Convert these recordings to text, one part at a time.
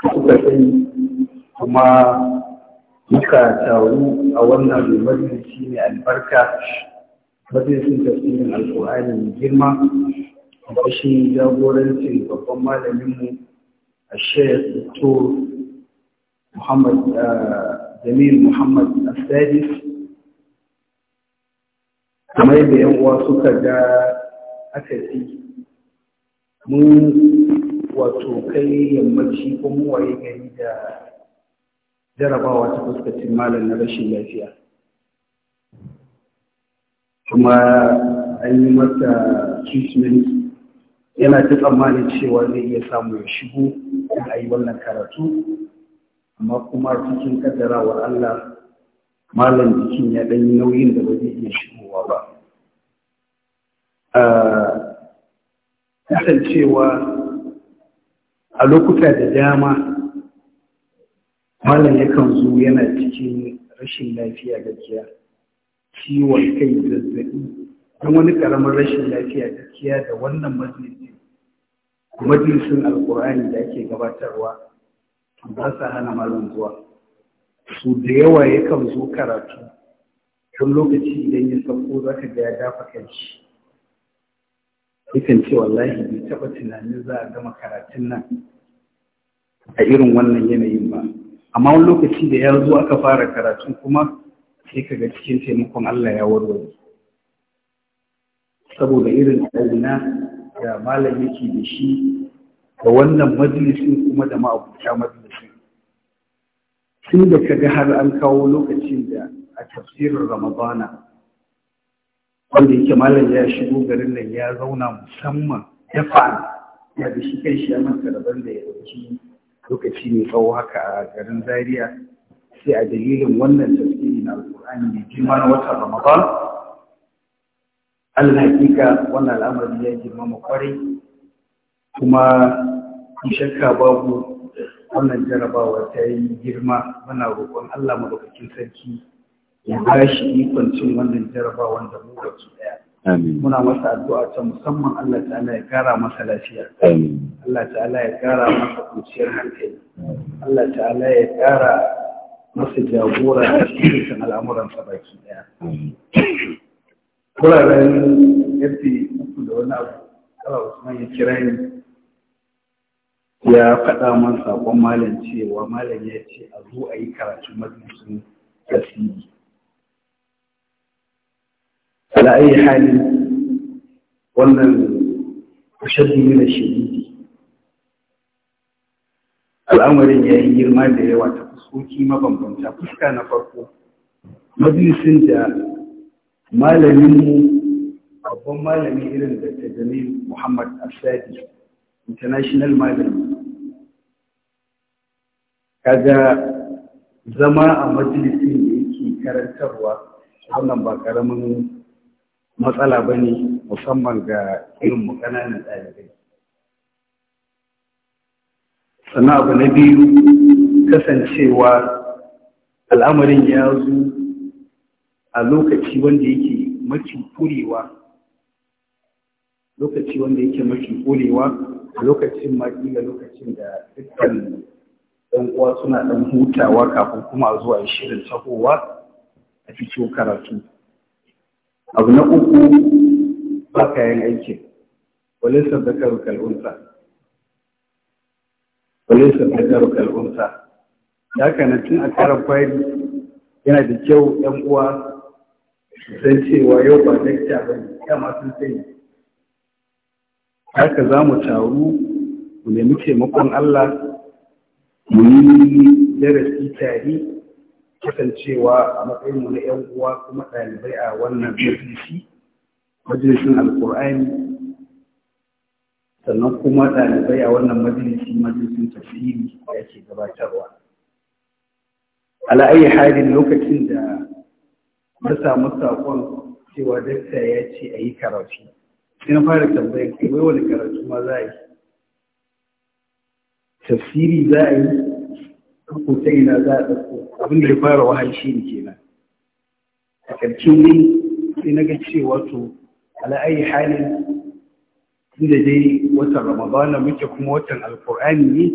suka kuma muka taru a wannan majalisi mai albarka majalisin tafsirin alkur'ani mai girma da shi jagorancin babban malaminmu a shayar doktor muhammad jamil muhammad asadis kamar da yan uwa suka ga akasi mun wato kai yammaci ko mu waye gari da jarabawa ta fuskacin malam na rashin lafiya kuma an yi mata treatment yana ta tsammanin cewa zai iya samu ya shigo da a yi wannan karatu amma kuma cikin kaddarawar Allah malam jikin ya ɗan yi nauyin da ba zai iya shigowa ba ah, kasancewa a lokuta da dama malam yakan zo yana cikin rashin lafiya gajiya ciwon kai zazzabi don wani karamin rashin lafiya gajiya da wannan majalisi majalisin alkur'ani da ake gabatarwa ba sa hana malam zuwa su da yawa yakan zo karatu don lokaci idan ya sauko za ka ga ya dafa kanshi yakan ce wallahi bai taɓa tunanin za a gama karatun nan a irin wannan yanayin ba amma wani lokaci da ya zo aka fara karatu kuma sai ka ga cikin taimakon Allah ya warware saboda irin ɗauna da malam yake da shi da wannan majalisin kuma da ma'abuta majalisin tun da ka ga har an kawo lokacin da a tafsirin ramadana wanda yake malam ya shigo garin nan ya zauna musamman ya fara ya da shi kai shi ya manta daban da ya ɗauki lokaci mai tsawo haka a garin zaria sai a dalilin wannan tafsiri na alƙur'ani mai girma na watan ramadan allah hakika wannan al'amari ya girmama kwarai kuma shakka babu wannan jarabawa ta yi girma muna roƙon allah madaukakin sarki ya ba shi ikon cin wannan jarabawan da mu da su daya muna masa addu'a ta musamman Allah ta'ala ya kara masa lafiya Allah ta'ala ya kara masa kuciyar hankali Allah ta'ala ya kara masa jagora a cikin al'amuran sa baki daya kuraren yadda uku da wani abu kala Usman ya kira ni ya faɗa man saƙon malam cewa malam ya ce a zo a yi karatu majalisun tasiri ala ayi hali wannan shaddu ne da al'amarin ya yi girma da yawa ta fuskoki mabambanta fuska na farko majalisin da malaminmu babban malami irin da ta jami muhammad asadi international malami kaga zama a majalisin da yake karantarwa wannan ba karamin matsala ba ne musamman ga irin mu ƙananan ɗalibai sannan abu na biyu kasancewa al'amarin ya zo a lokaci wanda yake mafi kurewa lokaci wanda yake mafi kurewa a lokacin da lokacin da dukkan ɗan uwa suna ɗan hutawa kafin kuma zuwa shirin tahowa a cikin karatu abu na uku ba kayan aikin walisa zakaru kal'unsa walisa karu kal'unsa ya kana tun a karan kwari yana da kyau yan uwa san cewa yau ba dakta ba ne dama sun Ya haka za mu taru mu nemi taimakon Allah mu yi darasi tarihi? kasancewa a matsayin na 'yan uwa kuma ɗalibai a wannan majalisi majalisin alkur'ani sannan kuma ɗalibai a wannan majalisi majalisin tafsiri da yake gabatarwa ala'ayi halin lokacin da na samu saƙon cewa dakta ya ce a yi karatu sai na fara tambayar kai wai wani karatu ma za a yi tafsiri za a yi ko ina za a ɗauko abin da ya fara wahayi shi ne kenan a ƙarshe ne sai na ga cewa to ala'ayi halin tunda dai watan ramadana muke kuma watan alkur'ani ne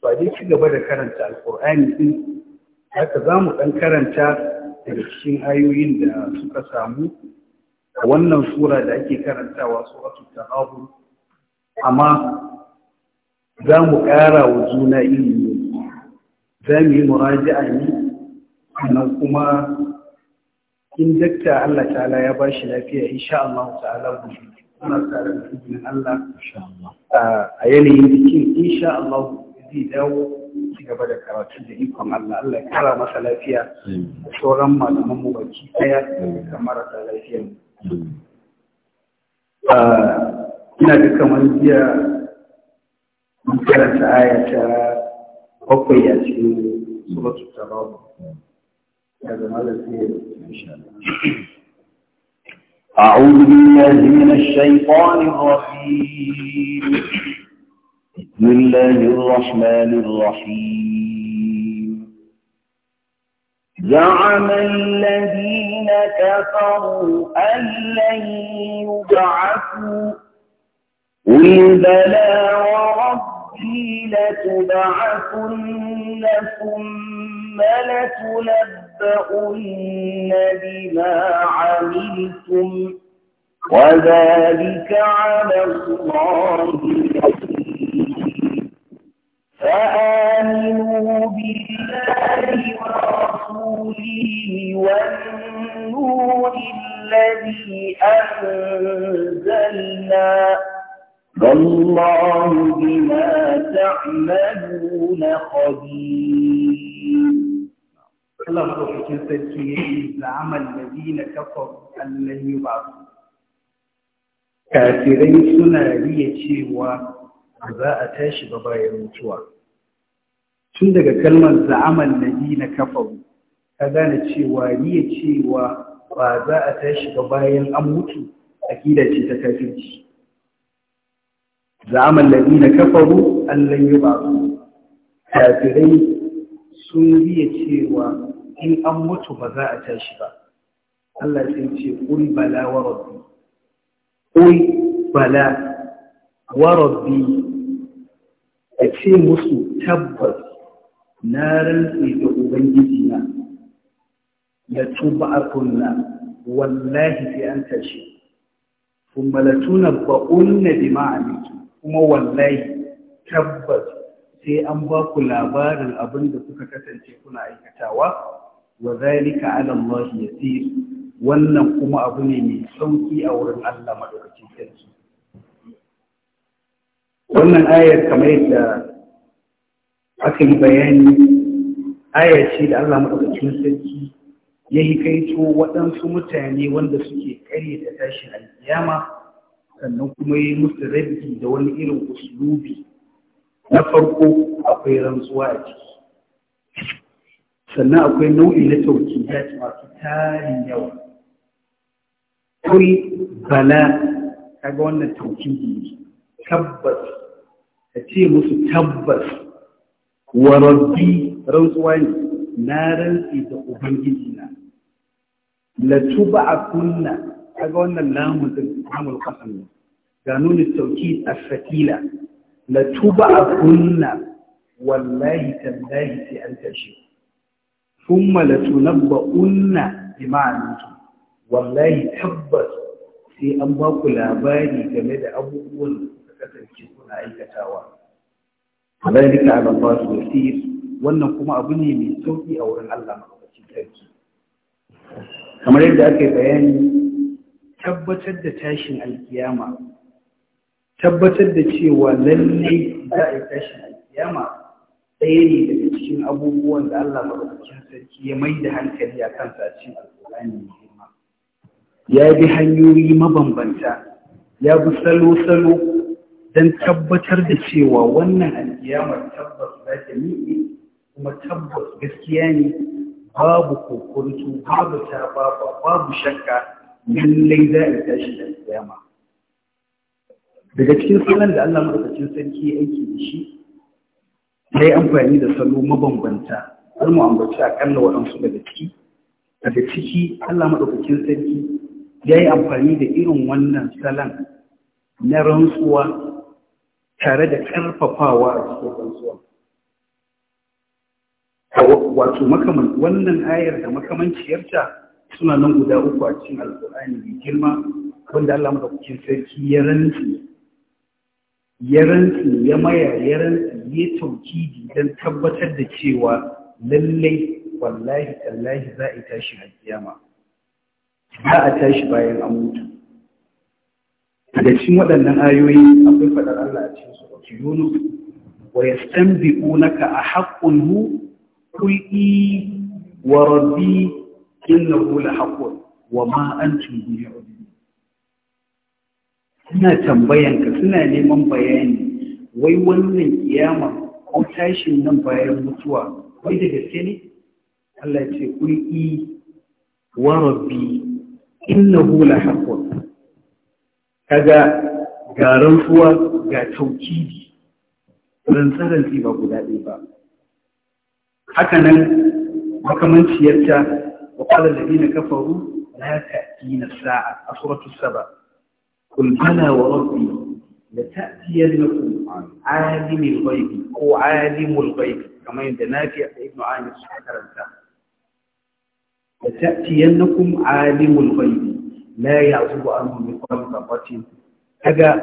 to a ci gaba da karanta alkur'ani din haka za mu ɗan karanta daga cikin ayoyin da suka samu a wannan sura da ake karantawa su wasu ta'ahu amma za mu ƙara wa juna ilimi za mu yi muraja'a ne sannan kuma in dakta Allah ta'ala ya ba shi lafiya insha Allah ta'ala gobe muna tsara da izinin Allah insha Allah a yanayin bikin insha Allah zai dawo ci gaba da karatu da ikon Allah Allah ya kara masa lafiya da sauran malaman mu baki daya da marasa lafiya ina dukkan wani jiya mun karanta aya ta أوكي a أعوذ بالله من الشيطان الرجيم بسم الله الرحمن الرحيم زعم الذين كفروا أن لن يبعثوا قل بلى وربي لتبعثن ثم لتنبؤن بما عملتم وذلك على الله فآمنوا بالله ورسوله والنور الذي أنزلنا والله بما تعملون خبير Allah maɗaukakin sarki ya yi za'amal da dina kafar Allah ba su. Kafirai suna riya cewa ba za a tashi ba bayan mutuwa. Tun daga kalmar za'amal da kafar, cewa riya cewa ba za a tashi ba bayan an mutu a ce ta kafirci. زعم الذين كفروا أن لن يبعثوا kafirai sun riya cewa in an mutu ba za a tashi ba Allah sai ce kul bala wa rabbi kul bala wa rabbi a ce musu tabbas na rantsi da ubangiji na la tub'atunna wallahi sai an tashi kuma la tunabba'unna bima amitu kuma wallahi tabbas sai an ba ku labarin abin da kuka kasance kuna aikatawa wa zalika ala Allah yasir wannan kuma abu ne mai sauki a wurin Allah madaukakin sarki wannan ayar kamar yadda aka bayani aya ce da Allah madaukakin sarki ya hikaito waɗansu mutane wanda suke tashi tashin alkiyama sannan kuma yi musu rabbi da wani irin uslubi na farko akwai rantsuwa a ciki sannan akwai nau'i na tauki ya ci masu tarin yawa kuri bala kaga wannan tauki ne tabbas A ce musu tabbas wa rantsuwa ne na rantsi da ubangiji na latuba a kunna kaga wannan lamun din amul qasam ga nuni tauki as-sakila la tuba kunna wallahi tallahi sai an tashi thumma la tunabba'unna bima wallahi tabbas sai an ba labari game da abubuwan da kasance kuna aikatawa zalika ala Allah yasir wannan kuma abu ne mai sauki a wurin Allah madaukakin sarki kamar yadda aka bayani tabbatar da tashin alkiyama tabbatar da cewa lalle za a yi tashin alkiyama ɗaya ne daga cikin abubuwan da Allah maɗaukakin sarki ya mai da hankali a kan sashen cikin alkur'ani girma ya bi hanyoyi mabambanta ya bi salo-salo don tabbatar da cewa wannan alkiyamar tabbas za ta miƙe kuma tabbas gaskiya ne babu kokonto babu ta babu shakka lallai za a tashi da kiyama daga cikin sunan da Allah madaukakin sarki ya aiki da shi yi amfani da salo mabambanta har mu ambaci akalla waɗansu daga ciki daga ciki Allah madaukakin sarki ya yi amfani da irin wannan salon na rantsuwa tare da ƙarfafawa a cikin rantsuwa wato wannan ayar da makamanciyarta suna nan guda uku a cikin alkur'ani mai girma wanda Allah madaukakin sarki ya rantsi ya rantsi ya maya ya rantsi ya don tabbatar da cewa lallai wallahi tallahi za a tashi alkiyama za a tashi bayan an mutu daga cikin waɗannan ayoyi akwai faɗar Allah a cikin su Yunus wa yastanbi'unaka a haqqun hu qul wa rabbi innahu lahaqqun wa ma antum bimu'minin suna tambayan ka suna neman bayani wai wannan kiyama ko tashin nan bayan mutuwa wai da gaske ne Allah ce kul i wa rabbi innahu lahaqqun kaga ga rantsuwa ga taukidi rantsarantsi ba guda ɗaya ba haka nan makamanciyarta وقال الذين كفروا لا تأتينا الساعة أسرة السبع قل بلى وربي لتأتينكم عالم الغيب أو عالم الغيب كما عند نافع ابن عامر سبحانه لتأتينكم عالم الغيب لا يعزب عنه مثقال ذرة kaga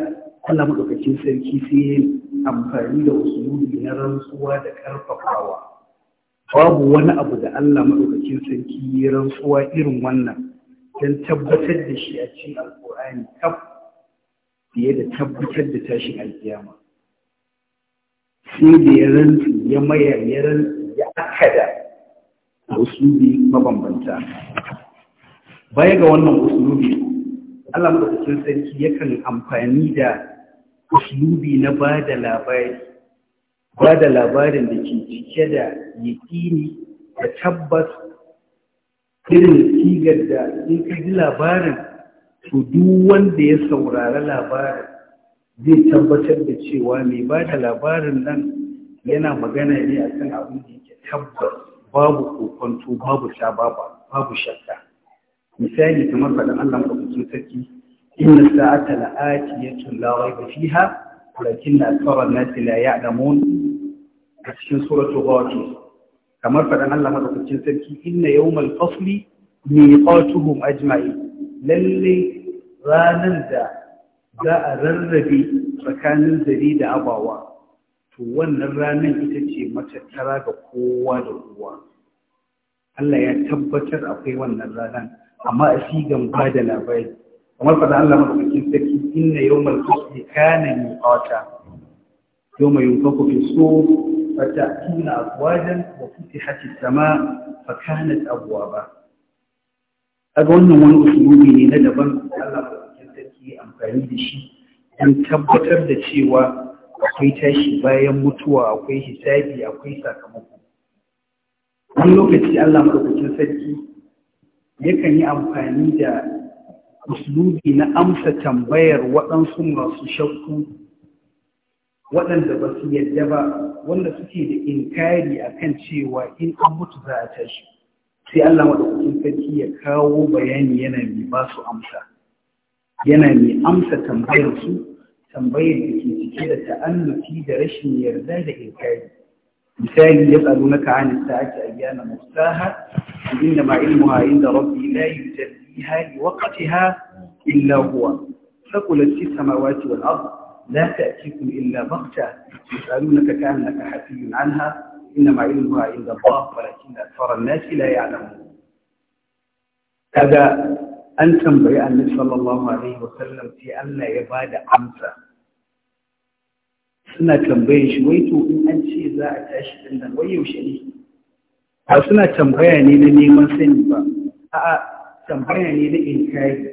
Allah madaukakin sarki sai amfani da usulubi na rantsuwa da karfafawa babu wani abu da Allah maɗaukakin sarki ya rantsuwa irin wannan don tabbatar da shi a cikin alƙur'ani tab fiye da tabbatar da tashin alƙiyama sai da ya rantsu ya maya ya rantsu ya akada wasu usulubi mabambanta baya ga wannan usulubi Allah maɗaukakin sarki yakan amfani da usulubi na ba da labari ba da labarin da ke cike da yaƙini da tabbas irin sigar da in ka ji labarin to duk wanda ya saurara labarin zai tabbatar da cewa mai ba da labarin nan yana magana ne a kan abin da yake tabbas babu kokonto babu shababa babu shakka misali kamar faɗin allah maɗaukakin sarki inna sa'ata la'atiyatun la raiba fiha walakin akthara nasi la ya'lamun a cikin suratul ghafir kamar faɗan Allah madaukakin sarki inna yawmal fasli miqatuhum ajma'in lalle ranar da za a rarrabe tsakanin zari da abawa to wannan ranar ita ce matattara ga kowa da kowa Allah ya tabbatar akwai wannan ranar amma a sigan ba da labari kamar faɗa Allah madaukakin sarki inna yawmal fasli kana miqata yawma yunfaku fi sur فتأتون أفواجا وفتحت السماء فكانت ba. أقول wani usulobi ne na daban da Allah maɗaukin sarki amfani da shi don tabbatar da cewa akwai tashi bayan mutuwa akwai hisabi akwai sakamako wani lokaci Allah maɗaukakin sarki yakan yi amfani da uslubi na amsa tambayar waɗansu masu shakku waɗanda ba su yadda ba wanda suke da inkari kan cewa in an mutu za a tashi sai Allah maɗaukakin sarki ya kawo bayani yana mai ba su amsa yana mai amsa tambayar su tambayar da ke cike da ta'annuti da rashin yarda da inkari misali ya tsaro na ka'ani sa'ati ayyana mustaha inda ma ilmuha inda rabbi la yujalliha Hali" waqtiha illa huwa saqulat samawati wal ardh لا تأتيكم إلا بغتة يسألونك كأنك حفي عنها إنما علمها عند الله ولكن أكثر الناس لا يعلمون هذا أن تنبئ النبي صلى الله عليه وسلم في أن عبادة أمسى سنة suna tambaye shi wai to in an ce za a tashi din nan wai yaushe ne ba suna tambaya ne na neman sani ba a'a tambaya ne na yadda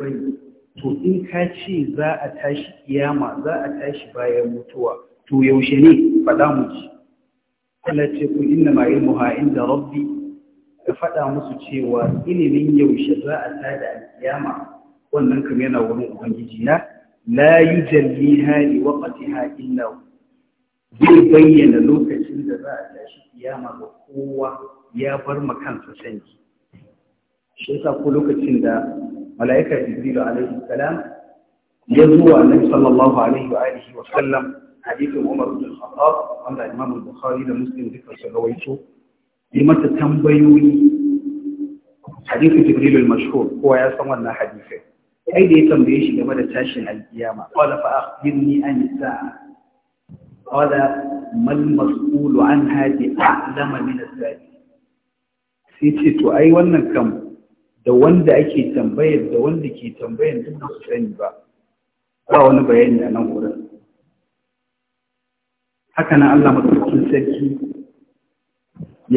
bane to in ka ce za a tashi kiyama za a tashi bayan mutuwa to yaushe ne faɗa mu ci? Allah ce ku inna ma ilmuha inda rabbi ka faɗa musu cewa ilimin yaushe za a tada alkiyama wannan kam yana wurin ubangiji na la yujalliha li waqtiha illa zai bayyana lokacin da za a tashi kiyama ga kowa ya bar ma kansa sanki. shi yasa ko lokacin da ملائكة جبريل عليه السلام يدعو النبي صلى الله عليه وآله وسلم حديث عمر بن الخطاب قال الإمام البخاري لمسلم ذكر سجويته لما تتنبيوني حديث جبريل المشهور هو يا سمعنا حديثه أي دي تنبيش لما تتاشي القيامة قال فأخبرني أن الساعة قال ما المسؤول عنها بأعلم من الزاجي سيتي تو أي ونكم da wanda ake tambayar da wanda ke tambayar duk da su sani ba ba wani bayani a nan wurin haka nan Allah madaukakin sarki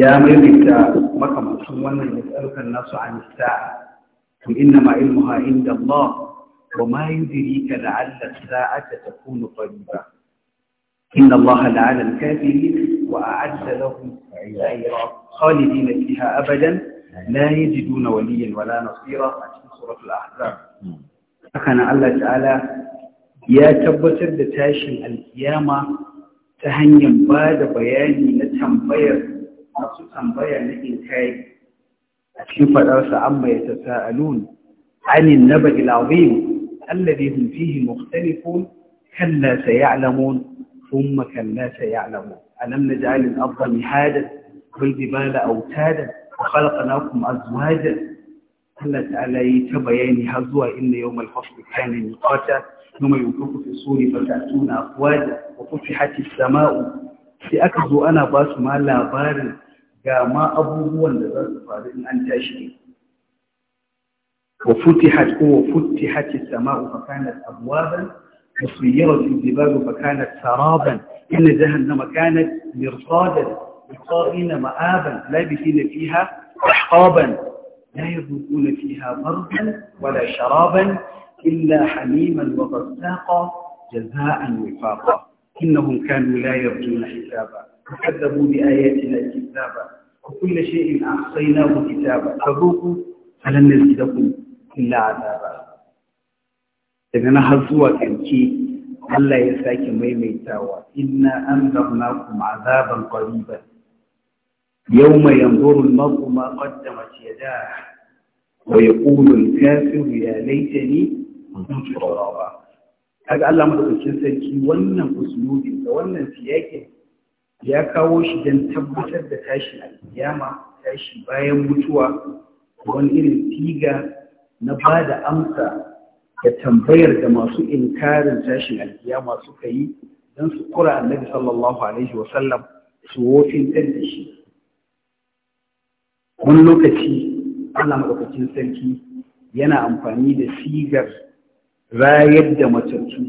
ya maimaita makamancin wannan matsalar nasu an sa'a to inna ma ilmuha inda Allah wa ma وما يدريك لعل الساعة تكون قريبة إن الله لعن wa a'adda lahum سعيرا khalidina fiha abadan لا يجدون وليا ولا نصيرا في سورة الأحزاب فكان الله تعالى يا تبتر دتاش القيامة تهن بعد بياني نتنبيا نصو تنبيا نتنكاي أشوف الأرس عما يتساءلون عن النبأ العظيم الذي هم فيه مختلفون كلا سيعلمون ثم كلا سيعلمون ألم نجعل الأرض مهادا والجبال أوتادا خلقناكم أزواجا الله علي يتبيني هزوى إن يوم الفصل كان ميقاتا يوم يوقف في الصور فتأتون أفواجا وفتحت السماء سأكزو أنا باس ما لا بار يا ما أبو هو النظر فارس أن تشري وفتحت أو السماء فكانت أبوابا وصيرت الجبال فكانت سرابا إن جهنم كانت مرصادا لقائن مآبا لابثين فيها أحقابا لا يذوقون فيها مرضا ولا شرابا إلا حميما وغساقا جزاء وفاقا إنهم كانوا لا يرجون حسابا وكذبوا بآياتنا كتابا وكل شيء أحصيناه كتابا فذوقوا فلن نزيدكم إلا عذابا إننا na har zuwa ƙarshe Allah ya sake maimaitawa inna an يوم ينظر المرء ما قدمت يداه ويقول الكافر يا ليتني كنت ترابا kaga Allah madaukakin sarki wannan usulubin da wannan siyakin ya kawo shi don tabbatar da tashi a tashi bayan mutuwa wani irin siga na ba da amsa da tambayar da masu inkarin tashin alkiyama suka yi don su kura annabi sallallahu su wofin da shi wani lokaci ana maɗaukacin sarki yana amfani da sigar rayar da matattu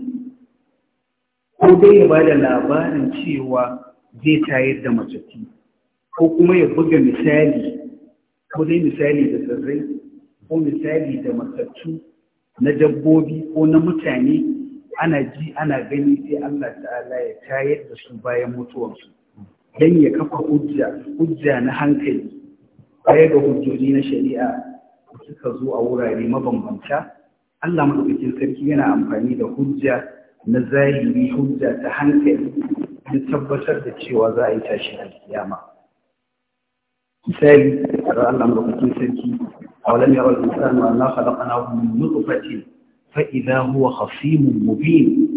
ko dai ya ba da labarin cewa zai tayar da matattu ko kuma ya buga misali ko dai misali da tsirrai ko misali da matattu na dabbobi ko na mutane ana ji ana gani sai Allah ta'ala ya tayar da su bayan mutuwarsu don ya kafa hujja na hankali baya ga hujjoji na shari'a suka zo a wurare mabambanta Allah madaukakin sarki yana amfani da hujja na zahiri hujja ta hankali da tabbatar da cewa za a yi tashi a kiyama misali da Allah madaukakin sarki a walam yawal insan wa na khalaqnahu min nutfatin fa idha huwa khasimun mubin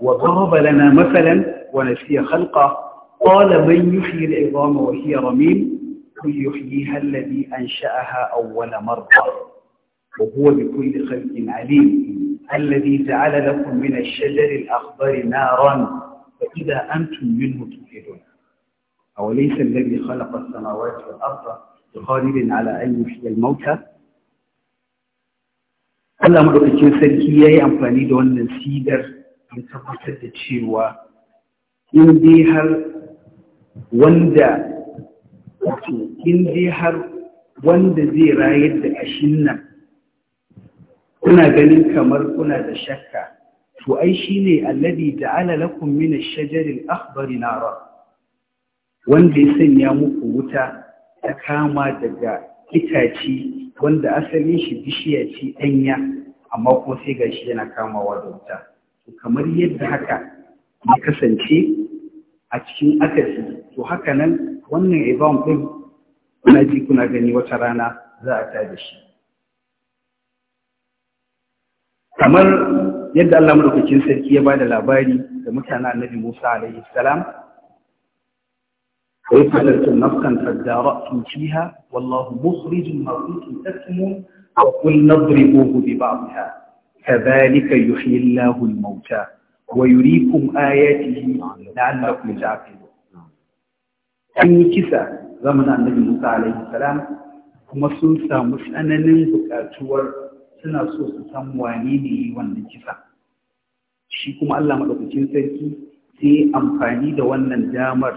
wa daraba lana mathalan wa nasiya khalqa qala man yuhyi al-'idama wa hiya ramim قل يحييها الذي أنشأها أول مرة وهو بكل خلق عليم الذي جعل لكم من الشجر الأخضر نارا فإذا أنتم منه توقدون أوليس الذي خلق السماوات والأرض بقادر على أن يحيي الموتى Allah maɗaukacin sarki ya yi amfani da wannan sigar don tabbatar da cewa in dai har wanda wato in dai har wanda zai rayar da ashin nan kuna ganin kamar kuna da shakka to ai shine alladhi ja'ala lakum min ash-shajari al-akhdari nara wanda ya sanya muku wuta ta kama daga itaci wanda asalin shi bishiya ce danya amma kuma sai gashi yana kamawa da wuta kamar yadda haka ya kasance a cikin akasi to haka nan wannan ibam ɗin kuna ji kuna gani wata rana za a tada shi kamar yadda Allah madaukakin sarki ya bada labari da mutanen annabi Musa alaihi salam kai ta nafkan fadara'tum fiha wallahu mukhrij ma kuntum taktumun wa qul nadribuhu bi ba'dha kadhalika yuhyi Allahu al-mauta wa yuriikum ayatihi la'allakum ta'qilun an yi kisa zamanin annabi musa alaihi salam kuma sun samu tsananin buƙatuwar suna so su san wane ne yi wannan kisa shi kuma allah maɗaukacin sarki sai amfani da wannan damar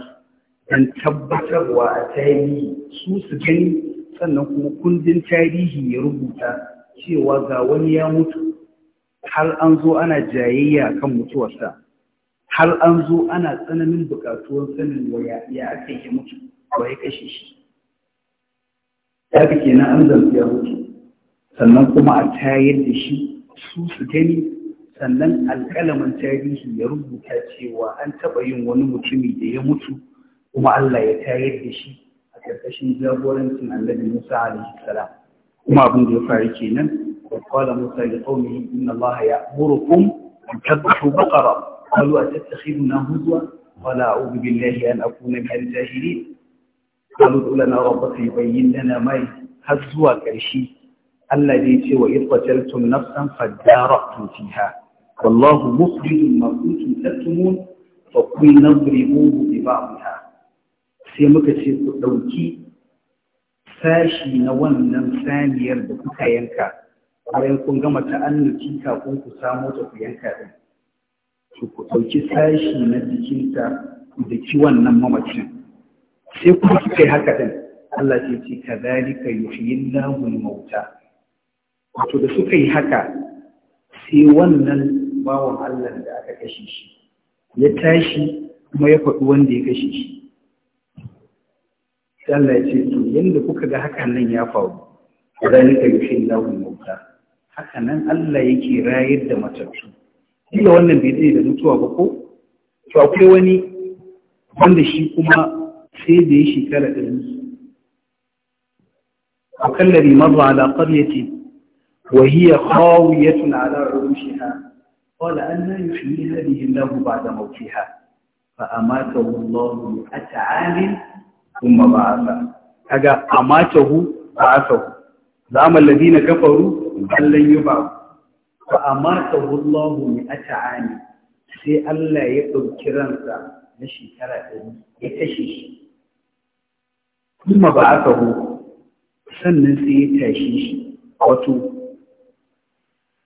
don tabbatarwa a tarihi su su gani sannan kuma kundin tarihi ya rubuta cewa ga wani ya mutu har an zo ana jayayya kan mutuwarsa har an zo ana tsananin buƙatuwar sanin waya ya aka yi mutu wa ya kashe shi ya kenan an zamfi ya mutu sannan kuma a tayar da shi su su gani sannan alƙalamin tarihi ya rubuta cewa an taɓa yin wani mutumi da ya mutu kuma Allah ya tayar da shi a ƙarƙashin jagorancin annabi Musa alaihi salam kuma abin da ya faru kenan wa qala Musa li qaumihi inna Allah ya'murukum an tadhbahu baqara قالوا أتتخذنا هزوا قال أعوذ بالله أن أكون من الجاهلين قالوا ادع لنا ربك يبين لنا ما هزوا كرشي الذي سوى إذ قتلتم نفسا فادارأتم فيها والله مخرج ما كنتم تكتمون فقلنا اضربوه ببعضها sai muka ce ku ɗauki sashi na wannan saniyar da kuka yanka bayan kun gama ta'annuki kafin ku samo ta ku yanka ɗin to ku ɗauki sashi na jikinta da ki wannan mamacin sai ku kai haka din Allah ce ce ka yuhyillahu al-mauta wato da suka yi haka sai wannan bawan Allah da aka kashe shi ya tashi kuma ya faɗi wanda ya kashe shi Allah ya ce to yanda kuka ga hakan nan ya faru zalika yuhyillahu al-mauta haka nan Allah yake rayar da matattu Jiya wannan bai zai da mutuwa ba ko to akwai wani wanda shi kuma sai da ya shekara ɗari a kallari mazu ala ƙaryati wa hiya khawiyatun ala rushiha qala anna yuhyi hadhihi allahu ba'da mawtiha fa amatahu allahu at'alin thumma ba'atha kaga amatahu ba'athahu zama alladhina kafaru allan yub'ath fa wallahu Allah mi'ata ani sai Allah ya ɗauki ransa na shekara ɗari ya kashe shi kuma ba aka hu sannan sai ya tashi shi wato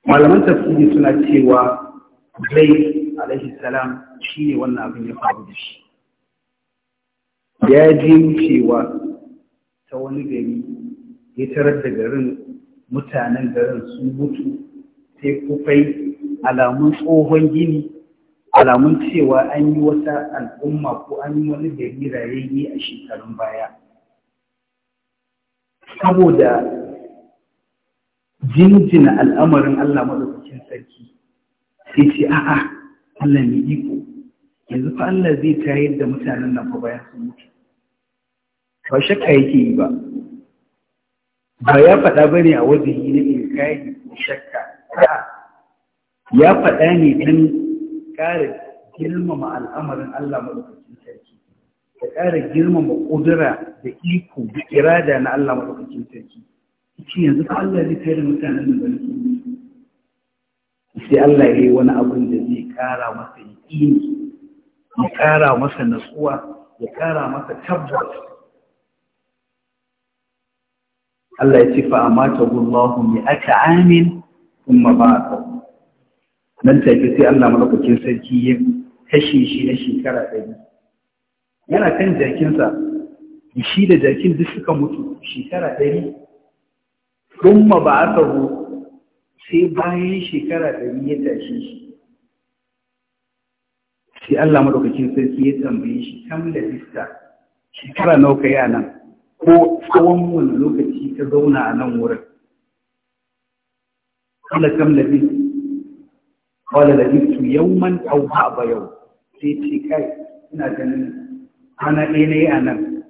malaman tafsiri suna cewa zai alaihi salam shi ne wannan abin ya faru da shi ya je wucewa ta wani gari ya tarar da garin mutanen garin sun mutu sai kufai alamun tsohon gini alamun cewa an yi wata al'umma ko an yi wani gari rayayye a shekarun baya saboda jinjina al'amarin Allah madaukakin sarki sai ce a'a Allah ne iko yanzu fa Allah zai tayar da mutanen nan fa bayan sun mutu ba shakka yake yi ba ba ya faɗa bane a wajen yi na ilkayi shakka ya faɗa ne don ƙara girmama al'amarin Allah maɗaukakin sarki da ƙara girmama ƙudura da iko da irada na Allah maɗaukakin sarki shi yanzu ka Allah zai kai da mutanen da sai Allah ya yi wani abin da zai ƙara masa yaƙini ya ƙara masa natsuwa ya ƙara masa tabbas Allah ya ce fa amata gullahu mi aka amin kuma ba a nan take sai Allah malakacin sarki ya kashe shi na shekara ɗari yana kan jakinsa shi da jakin duk suka mutu shekara ɗari ma ba a kawo sai bayan shekara ɗari ya tashe shi sai Allah malakacin sarki ya tambaye shi kam da vista shekara nawa ka a nan ko tsawon wani lokaci ka zauna a nan wurin kam قال كم لبثت قال لبثت يوما أو ba yau. sai ce kai ina ganin ana ɗaya ne a nan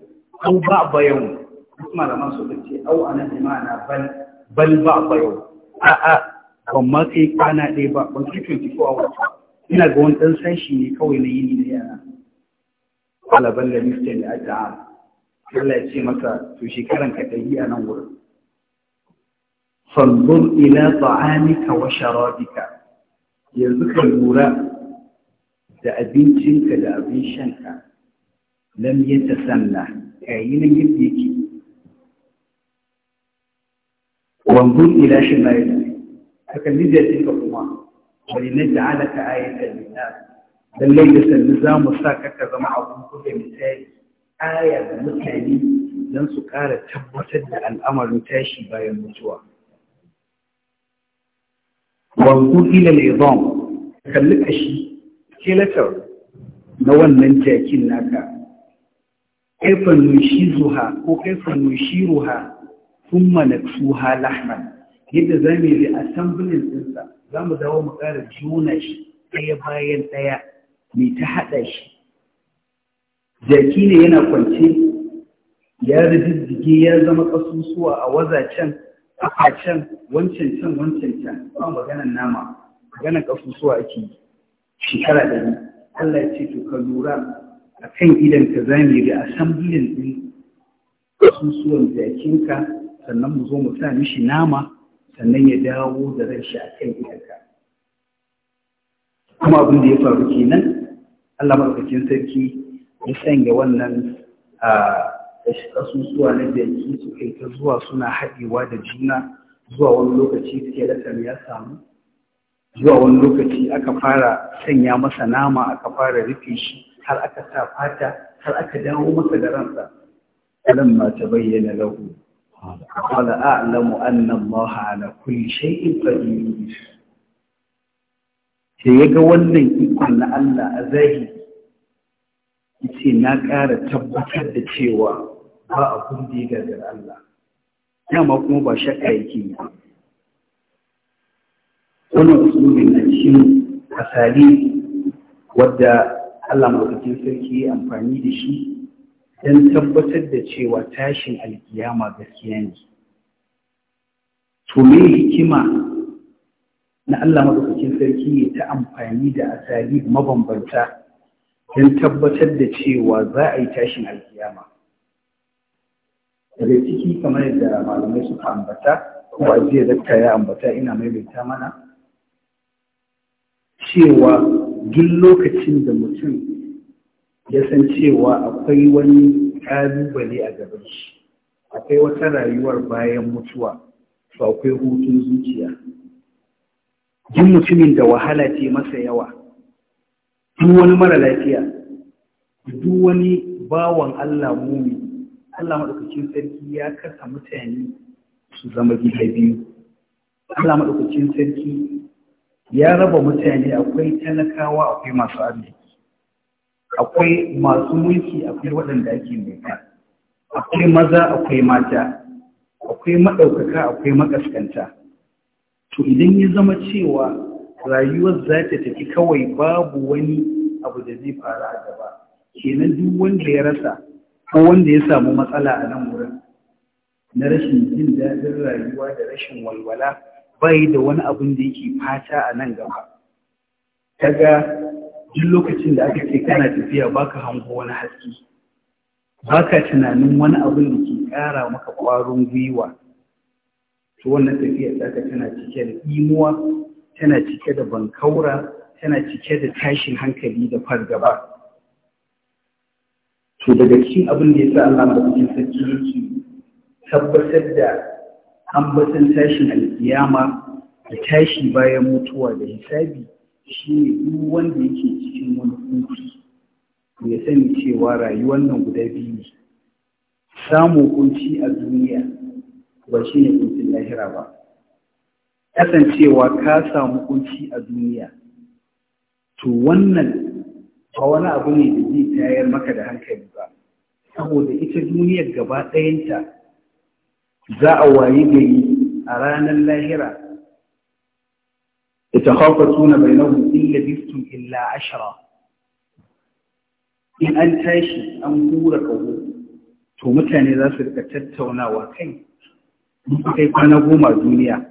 au ba ba yau kuma da masu da ce au a nan imana bal bal ba ba yau A'a a ban ma kai kwana ɗaya ba ban kai 24 hours ina ga wani ɗan sashi ne kawai na yini da yana alaban da mista da aka Allah ya ce masa to shekaran ka ɗari a nan wurin fanzur ila ta'amika wa sharabika yanzu ka lura da abincinka da abin shanka lam yatasanna kayi nan yadda yake wanzur ila shimayil ka kalli da kuma bari na ja'alaka ayatan linnas lallai da sannu za mu sa ka zama abin buga misali aya ga mutane don su ƙara tabbatar da al'amarin tashi bayan mutuwa. wanku ila lezon kalli kashi skeletal na wannan jakin naka kaifan zuha ko kaifan sun thumma naksuha lahman yadda za mu yi assembling ɗinsa za mu dawo mu ƙara juna shi ɗaya bayan ɗaya mai ta haɗa shi jaki ne yana kwance ya rijijjige ya zama ƙasusuwa a wazacen a can wancan can wancan can ba maganan nama maganan kasusuwa ake yi shekara da ni Allah ya ce to ka lura a kan idan ka zame da asambilin din kasusuwan jakinka sannan mu zo mu sa mishi nama sannan ya dawo da ran shi a kan idanka kuma abin da ya faru kenan Allah maɗaukakin sarki ya sanya wannan a ah, da kasusuwa na jirgin su kai ta zuwa suna haɗewa da juna zuwa wani lokaci skeleton ya samu zuwa wani lokaci aka fara sanya masa nama aka fara rufe shi har aka sa fata har aka dawo masa da ransa ta bayyana lahu qala alamu anna allaha ala kulli shay'in qadir sai ya wannan ikon na Allah a zahiri ce na ƙara tabbatar da cewa ba a kundi ya Allah dama kuma ba shakka yake yi wannan usulubin na cikin asali wadda Allah mafi sarki ya amfani da shi don tabbatar da cewa tashin alkiyama gaskiya ne tumi hikima na Allah mafi sarki ne ta amfani da asali mabambanta don tabbatar da cewa za a yi tashin alkiyama daga ciki kamar yadda malamai suka ambata ko a jiya ya ambata ina maimaita mana cewa duk lokacin da mutum ya san cewa akwai wani ƙalubale a gaban shi akwai wata rayuwar bayan mutuwa to akwai hutun zuciya duk mutumin da wahala ce masa yawa duk wani mara lafiya duk wani bawan Allah mumin Allah maɗaukacin sarki ya kasa mutane su zama gida biyu Allah maɗaukacin sarki ya raba mutane akwai talakawa akwai masu arziki akwai masu mulki akwai waɗanda ake mulka akwai maza akwai mata akwai maɗaukaka akwai makaskanta to idan ya zama cewa rayuwar za ta tafi kawai babu wani abu da zai fara a gaba kenan duk wanda ya rasa ko wanda ya samu matsala a nan wurin na rashin jin daɗin rayuwa da rashin walwala bai da wani abin da yake fata a nan gaba kaga duk lokacin da aka ce kana tafiya baka hango wani haske baka tunanin wani abin da ke ƙara maka ƙwarin gwiwa to wannan tafiya taka tana cike da imuwa tana cike da bankaura tana cike da tashin hankali da fargaba to daga cikin abin da ya sa Allah cikin sarki yake tabbatar da ambatan tashin alkiyama da tashi bayan mutuwa da hisabi shi ne duk wanda yake cikin wani kunci ya sani cewa rayuwar nan guda biyu ne samun kunci a duniya ba shi ne kuncin lahira ba kasancewa ka samu kunci a duniya to wannan ba wani abu ne da zai tayar maka da hankali ba saboda ita duniyar gaba ɗayanta za a wayi gari a ranar lahira ita hauka suna bai nahu illa bistun illa ashara in an tashi an hura kaho to mutane za su rika tattaunawa kai mun kai kwana goma duniya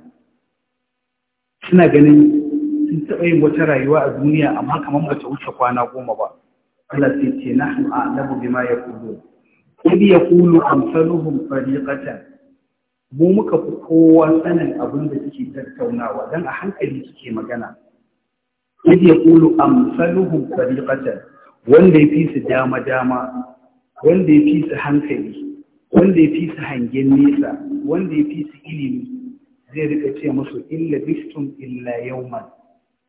suna ganin in taɓa yin wata rayuwa a duniya amma kamar ba ta wuce kwana goma ba Allah sai ce nahnu a'lamu bima yaqulu id yaqulu amsaluhum fariqatan mu muka fi kowa sanin abin da suke tattaunawa dan a hankali suke magana id yaqulu amsaluhum fariqatan wanda ya fi su dama dama wanda ya fi su hankali wanda ya fi su hangen nesa wanda ya fi su ilimi zai rika ce musu illa bistum illa yawman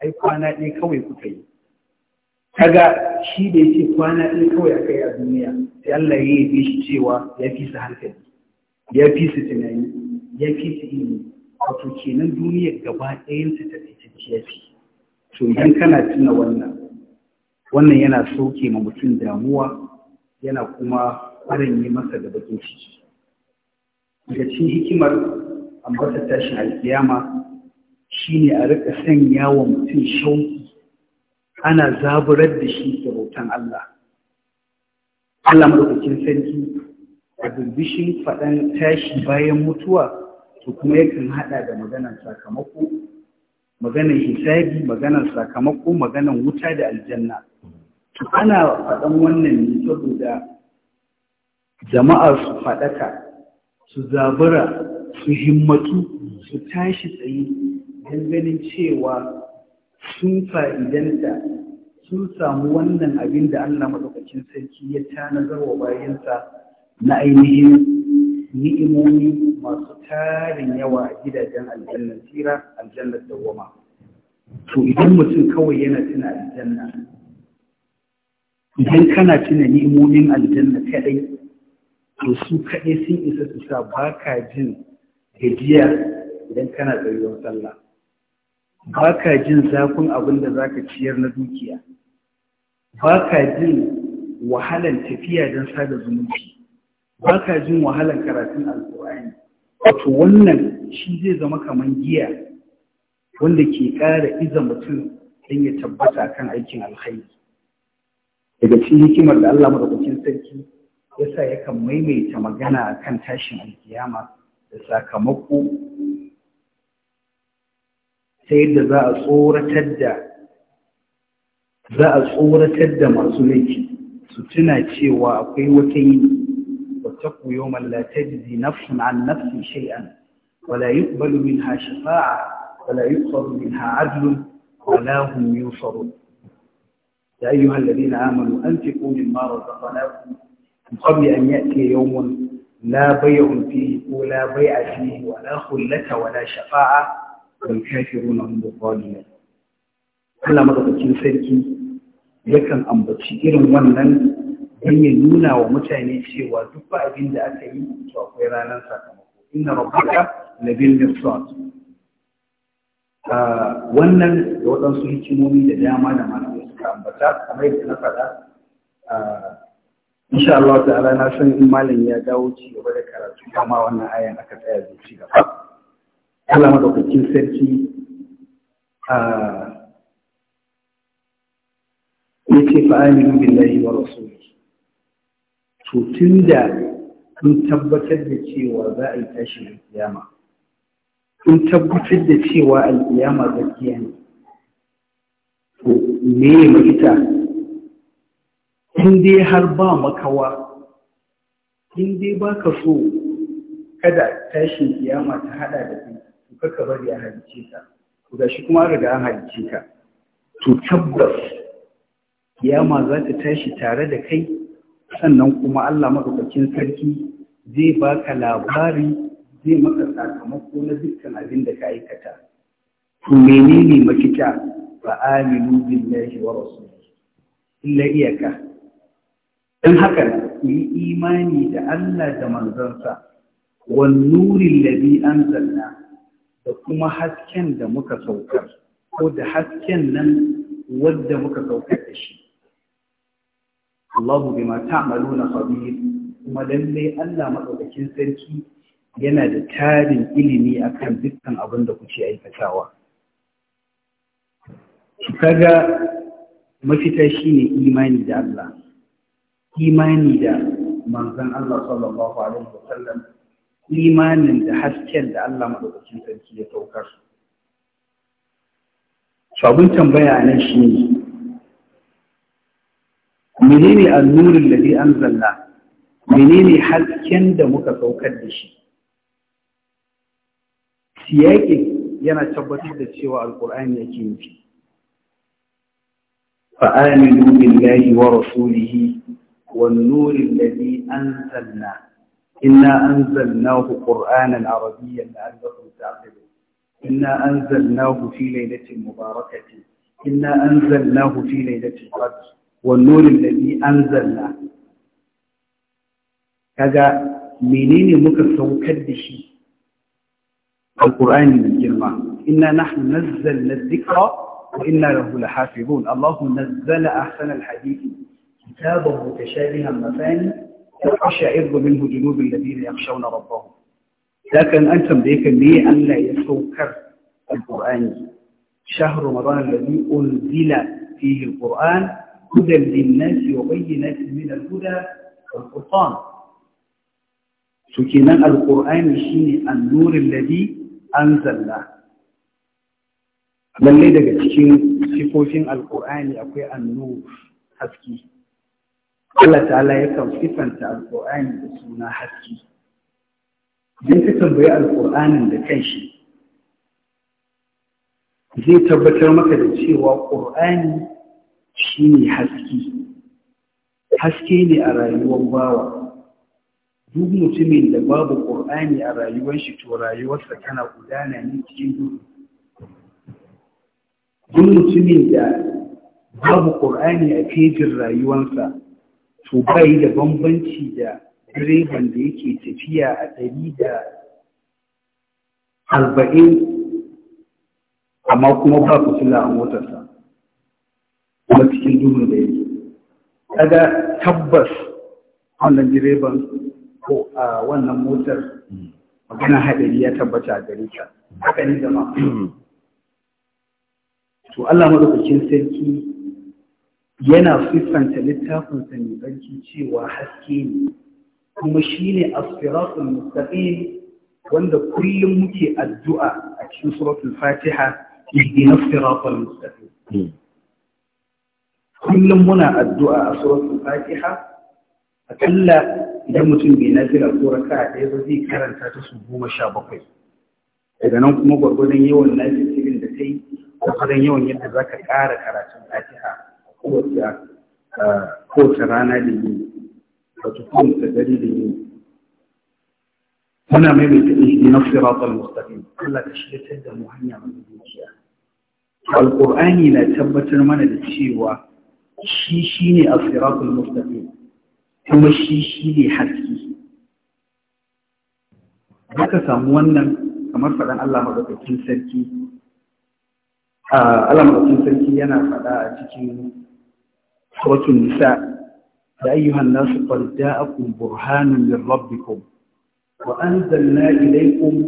ai kwana ɗaya kawai kuka yi kaga shi da yake kwana ɗaya kawai aka yi a duniya sai Allah ya yi shi cewa ya fi su hankali ya fi su tunani ya fi su ilimi wato kenan duniya gaba ɗayan su ta ya fi to idan kana tuna wannan wannan yana sauke ma mutum damuwa yana kuma ƙwarin yi masa da bakin ciki daga cikin hikimar ambata tashin alkiyama Shi ne a rika sanya wa mutum shauki ana zaburar da shi da bautan Allah Allah madaukakin sarki a dubbishin faɗan tashi bayan mutuwa to kuma yakan haɗa da maganar sakamako maganar hisabi maganar sakamako maganar wuta da aljanna to ana faɗan wannan ne saboda jama'ar su faɗaka su zabura su himmatu su tashi tsaye don ganin cewa sun sun samu wannan abin da Allah maɗaukacin sarki ya tanazar wa bayansa na ainihin ni'imomi masu tarin yawa a gidajen aljannar tsira aljannar dawama to idan mutum kawai yana tuna aljanna idan kana tuna ni'imomin aljanna kaɗai to su kaɗai sun isa su sa baka jin gajiya idan kana tsayuwar sallah ba jin zafin abin da za ka ciyar na dukiya ba jin wahalan tafiya don sada zumunci ba ka jin wahalan karatun alkur'ani wato wannan shi zai zama kamar giya wanda ke ƙara iza mutum don ya tabbata kan aikin alkhairi daga cikin hikimar da Allah madaukakin sarki yasa yakan maimaita magana akan tashin alkiyama da sakamako سيدنا باء صورة الدع باء صورة الدع مرسوليك ستنا تشيوى قيوتين واتقوا يوما لا تجزي نفس عن نفس شيئا ولا يقبل منها شفاعة ولا يقصر منها عدل ولا هم يوصرون يا أيها الذين آمنوا أنفقوا مما رزقناكم من قبل أن يأتي يوم لا بيع فيه ولا بيع فيه ولا خلة ولا شفاعة wal kafiruna hum zalimun Allah madaukakin sarki yakan ambaci irin wannan don ya nuna wa mutane cewa duk ba abin da aka yi to akwai ranar sakamako inna rabbaka labil mirsad ah, wannan da waɗansu hikimomi da dama da malamai suka ambata kamar yadda na faɗa ah, insha Allah ta'ala na san in malami ya dawo ci gaba da karatu kama wannan ayan aka tsaya zai ci gaba Allah madaukakin sarki ya ce fa aminu billahi wa rasuli to tun da kun tabbatar da cewa za a yi tashi kiyama kun tabbatar da cewa alkiyama ga ne to me ya mafita in dai har ba makawa in dai ba ka so kada tashin kiyama ta hada da kai kuka bari a halice ka to gashi kuma riga an halice ka to tabbas kiyama za ta tashi tare da kai sannan kuma Allah madaukakin sarki zai baka labari zai maka sakamako na dukkan abin da ka aikata to menene mafita fa aminu billahi wa rasulihi illa iyaka dan haka yi imani da Allah da manzansa wan nurin ladhi anzalna da kuma hasken da muka saukar ko da hasken nan wadda muka saukar da shi Allahu bima ta'maluna khabir kuma lallai Allah madaukakin sarki yana da tarin ilimi akan dukkan abin da kuke aikatawa kaga mafita shine imani da Allah imani da manzon Allah sallallahu alaihi wasallam imanin da hasken da Allah madaukakin sarki ya saukar Sabon tambaya nan shi ne menene annurin da zai an zalla menene hasken da muka saukar da shi siyaƙi yana tabbatar da cewa alƙur'ani yake nufi fa'aminu billahi wa rasulihi wa nurin da zai an zalla إنا أنزلناه قرآنا عربيا لعلكم تعقلون إنا أنزلناه في ليلة مباركة إنا أنزلناه في ليلة القدر والنور الذي أنزلنا كذا منين مكسو كدشي القرآن من الجرمى إنا نحن نزلنا الذكرى وإنا له لحافظون اللهم نزل أحسن الحديث كتابه متشابها مفاني تقشعر منه جنوب الذين يخشون ربهم لكن أنت مديك ليه أن لا يسوكر القرآن شهر رمضان الذي أنزل فيه القرآن هدى للناس وبينات من الهدى والفرقان سكنا القرآن شيء النور الذي أنزلناه lallai daga cikin sifofin alkur'ani akwai annur haske Allah ta'ala ya kan sifanta alƙur'ani da suna haske idan ka tambayi alƙur'anin da kanshi zai tabbatar maka da cewa ƙur'ani ne haske haske ne a rayuwar bawa duk mutumin da babu ƙur'ani a rayuwar shi to rayuwarsa tana gudana ne cikin duhu duk mutumin da babu ƙur'ani a fejin rayuwarsa to bai da bambanci da direban da yake tafiya a ɗari da arba'in amma kuma ba ku fitila a motarsa kuma cikin duhun da yake kaga tabbas wannan direban ko a wannan motar magana haɗari ya tabbata a gare ta haka ne da ma hmm. to Allah madaukakin sarki yana siffanta littafinsa mai tsarki cewa haske ne kuma shi ne a asfiratul mustaqim wanda kullum muke addu'a a cikin suratul fatiha ihdina siratal mustaqim hmm. kullum muna addu'a a suratul fatiha a akalla idan mutum bai nafila ko a ɗaya ba zai karanta ta su goma sha bakwai daga nan kuma gwargwadon yawan nafilin da ta kai gwargwadon yawan yadda za ka ƙara karatun fatiha kowace eh, kowace rana da yi wato kowace dare da yi muna maimaita ihdi na siratal mustaqim Allah ka shirya da mu hanya mai dukiya alqur'ani na tabbatar mana da cewa shi shine as-siratul mustaqim kuma shi shine haske Baka samu wannan kamar faɗan Allah madaukakin sarki ah, Allah madaukakin sarki yana faɗa a cikin سورة النساء يا أيها الناس قد جاءكم برهان من ربكم وأنزلنا إليكم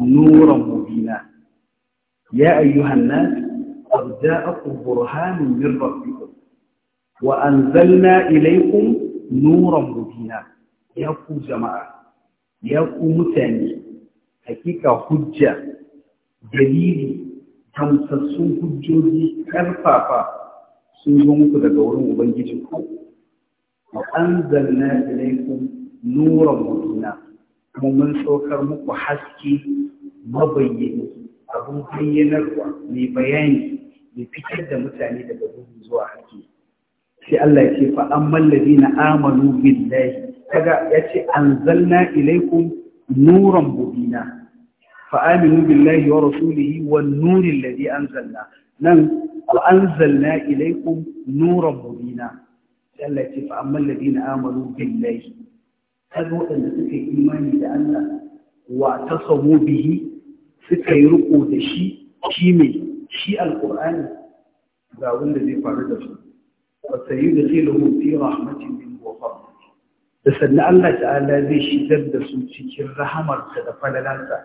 نورا مبينا يا أيها الناس قد جاءكم برهان من ربكم وأنزلنا إليكم نورا مبينا يا قوم جماعة يا قوم متاني حقيقة حجة دليلي تمسسون حجوزي كالفافا sun zo muku daga wurin ubangiji ku wa anzalna ilaykum nuran mubina kuma mun saukar muku haske mabayyani abin bayyanarwa mai bayani mai fitar da mutane daga duhu zuwa haske sai Allah ya ce fa amman na amanu billahi kaga ya ce anzalna nuran mubina fa aminu billahi wa rasulihi wan nuril ladhi anzalna nan wa anzalna ilaykum nuran mubina Allah ce fa amma alladhina amanu billahi kaga wadanda suka yi imani da Allah wa tasawu bihi suka yi riko da shi shi mai shi alqur'ani ga wanda zai faru da su wa sayudkhiluhum fi rahmatin minhu wa fadlin da sannan Allah ta'ala zai shigar da su cikin rahamarsa da falalansa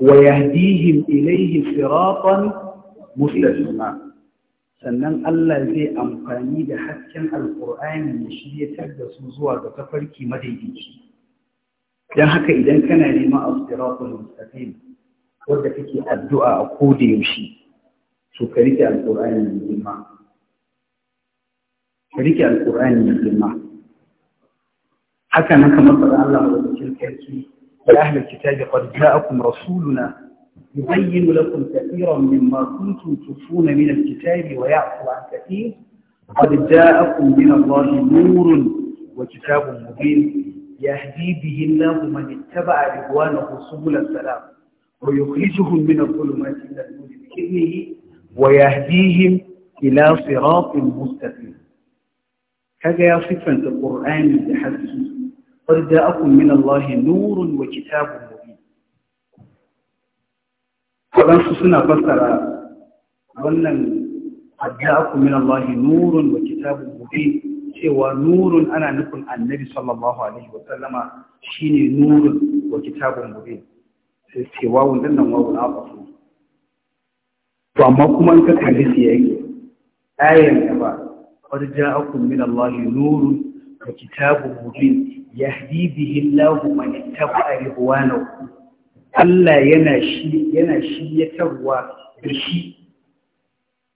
wa yahdihim ilayhi siratan mustaqima sannan Allah zai amfani da hasken Alƙur'ani ya shiryatar da su zuwa ga tafarki madaidaici Don haka idan kana neman as-siratal mustaqim wanda kake addu'a a koda yaushe to ka rike Alƙur'ani mai girma ka rike alqur'ani mai girma haka nan kamar faɗa Allah wa cikin sarki ya ahlul kitabi qad ja'akum rasuluna يبين لكم كثيرا مما كنتم تخفون من الكتاب ويعفو عن كثير قد جاءكم من الله نور وكتاب مبين يهدي به الله من اتبع رضوانه سبل السلام ويخرجهم من الظلمات إلى النور بإذنه ويهديهم إلى صراط مستقيم هذا يا صفة القرآن بحسن قد جاءكم من الله نور وكتاب مبين waɗansu suna fassara wannan addaku min Allah nurun wa kitabun mubin cewa nurun ana nufin annabi sallallahu alaihi wa sallama shine nurun wa kitabun mubin sai ce wawun din nan wawun afafu to amma kuma in ka kalli su yake ayan gaba qad ja'akum min Allah nurun wa kitabun mubin yahdi bihi Allah man ittaba'a ridwanahu Allah yana shi yana shiryatarwa da shi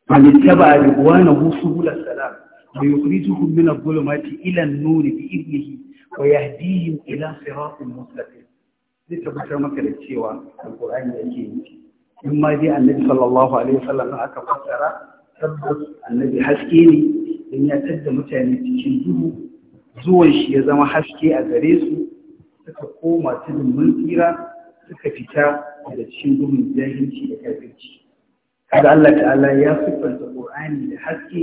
man ittaba ridwanahu subul salam wa yukhrijuhum min adh-dhulumati ila an-nur bi idnihi wa yahdihim ila siratin mustaqim zai tabbatar maka da cewa alqur'ani yake yi in ma dai annabi sallallahu alaihi wasallam aka fassara tabbas annabi haske ne in ya tadda mutane cikin duhu zuwan shi ya zama haske a gare su suka koma tudun mun tsira suka fita daga cikin gumin jahilci da kafirci kada Allah ta'ala ya siffanta Qur'ani da haske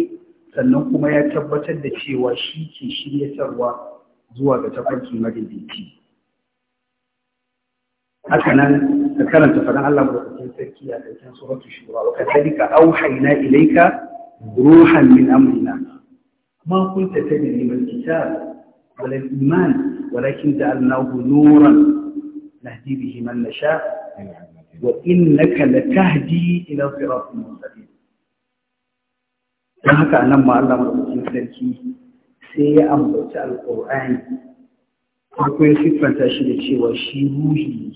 sannan kuma ya tabbatar da cewa shi ke shiryatarwa zuwa ga tafarki madaidaici haka nan ka karanta faɗin Allah madaukakin sarki a cikin suratul shura wa kadhalika auhayna ilayka ruhan min amrina ma kunta tadri mal kitab wal iman walakin ja'alnahu nuran نهدي به من نشاء وإنك لتهدي إلى صراط مستقيم don haka nan ma Allah madaukakin sarki sai ya ambaci alƙur'ani farko ya siffanta shi da cewa shi ruhi ne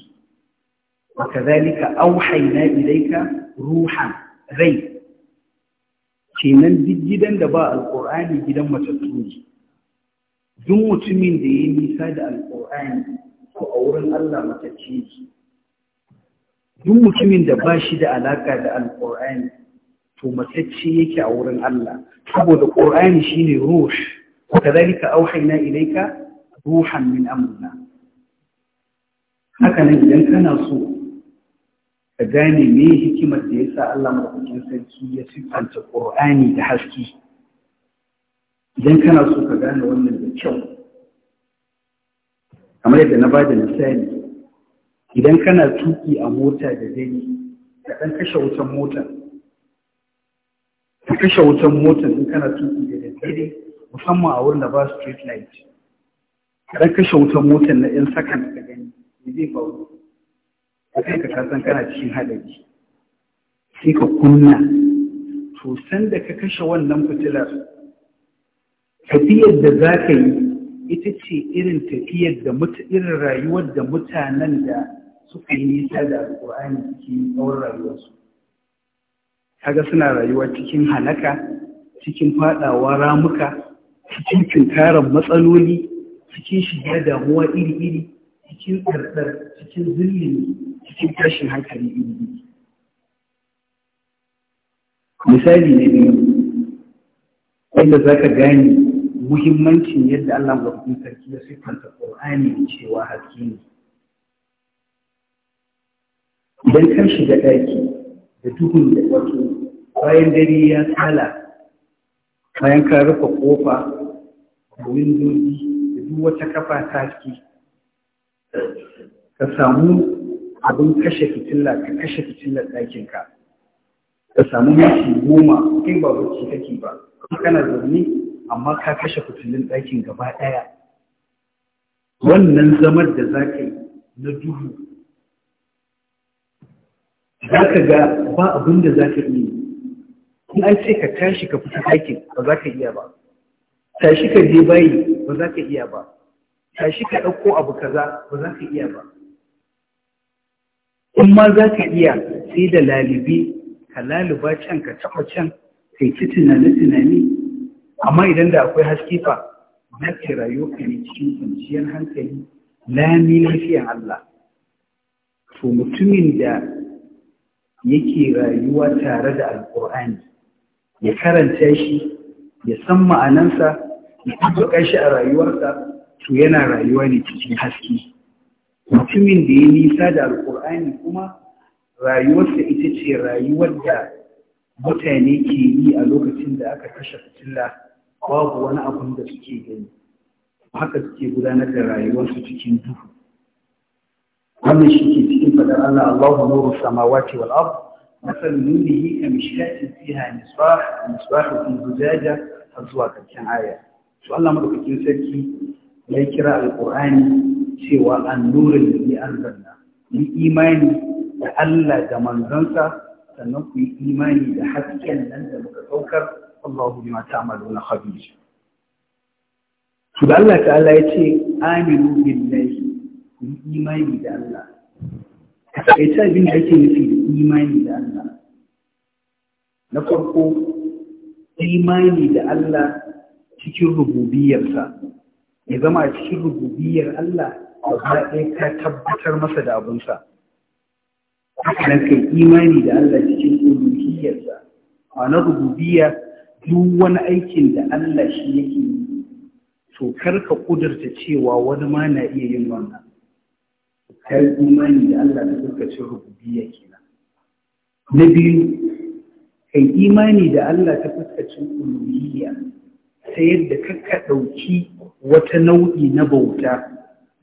wa kazalika auhayna ilayka ruhan rai kenan duk gidan da ba alƙur'ani gidan matattu ne duk mutumin da ya nisa da alƙur'ani ko a wurin Allah matacce ne duk mutumin da ba shi da alaka da alƙur'ani to matacce yake a wurin Allah saboda ƙur'ani shine ruh wa kadhalika auhayna ilayka ruhan min amrina haka nan idan kana so ka gane me hikimar da ya sa Allah maɗaukakin sarki ya siffanta ƙur'ani da haske idan kana so ka gane wannan da kyau kamar yadda na bada misali idan kana tuki a mota da dare ka dan kashe wutan mota ka kashe wutan motar in kana tuki da dare musamman a wurin da ba street light ka dan kashe wutan mota na 'yan sakan ka gani me zai faru a kai ka kasan kana cikin haɗari sai ka kunna to sanda ka kashe wannan fitilar tafiyar yadda za ka yi ita ce irin tafiyar da irin rayuwar da mutanen da suka yi nisa da alƙur'ani suke yi tsawon rayuwarsu kaga suna rayuwa cikin halaka cikin faɗawa ramuka cikin tunkarar matsaloli cikin shiga damuwa iri-iri cikin tsardar cikin zillimi cikin tashin hankali iri-iri misali ne biyu wanda za ka gane. muhimmancin yadda Allah maɗaukakin sarki ya siffanta Qur'ani da cewa haske ne idan ka shiga ɗaki da duhun da wato bayan dare ya tsala bayan ka rufe ƙofa da windoji da duk wata kafa ta ki ka samu abin kashe fitilla ka kashe fitilla ɗakinka ka samu minti goma kai ba wacce kake ba kana zaune amma ka kashe fitilin ɗakin gaba ɗaya wannan zamar da za ka yi na duhu za ka ga ba abin da za ka yi in an ce ka tashi ka fita ɗakin ba za ka iya ba tashi ka je bayi ba za ka iya ba tashi ka ɗauko abu kaza ba za ka iya ba in ma za ka iya sai da lalibi ka laluba can ka taɓa can kai ci tunani tunani amma idan da akwai haske fa na ke rayu a cikin kwanciyar hankali Na lami lafiyan Allah to mutumin da yake rayuwa tare da alkur'ani ya karanta shi ya san ma'anansa ya tabbaka shi a rayuwarsa to yana rayuwa ne cikin haske mutumin da ya nisa da alkur'ani kuma rayuwarsa ita ce rayuwar da mutane ke yi a lokacin da aka kashe fitila babu wani abun da suke gani haka suke gudanar da rayuwarsu cikin duhu wannan shi ke cikin faɗar Allah Allahu nuru samawati wal ard masal nurihi amshati fiha misbah misbah fi zujaja har zuwa karshen aya to Allah sarki ya kira alqur'ani cewa an nurul li anzalna ni imani da Allah da manzansa sannan ku yi imani da hasken nan da muka saukar Allahu bima ta'maluna khabir to Allah ta'ala ya ce aminu billahi ku yi imani da Allah sai ta bin da ake nufi da imani da Allah na farko imani da Allah cikin rububiyarsa ya zama a cikin rububiyar Allah ba ɗaya ka tabbatar masa da abunsa na kai imani da Allah cikin uluhiyarsa a na rububiya duk wani aikin da Allah shi yake yi to karka kudurta cewa wani ma na iya yin wannan kai imani da Allah da lokacin rububiya kenan na biyu kai imani da Allah ta fuskacin uluhiyya ta yadda kakka ɗauki wata nau'i na bauta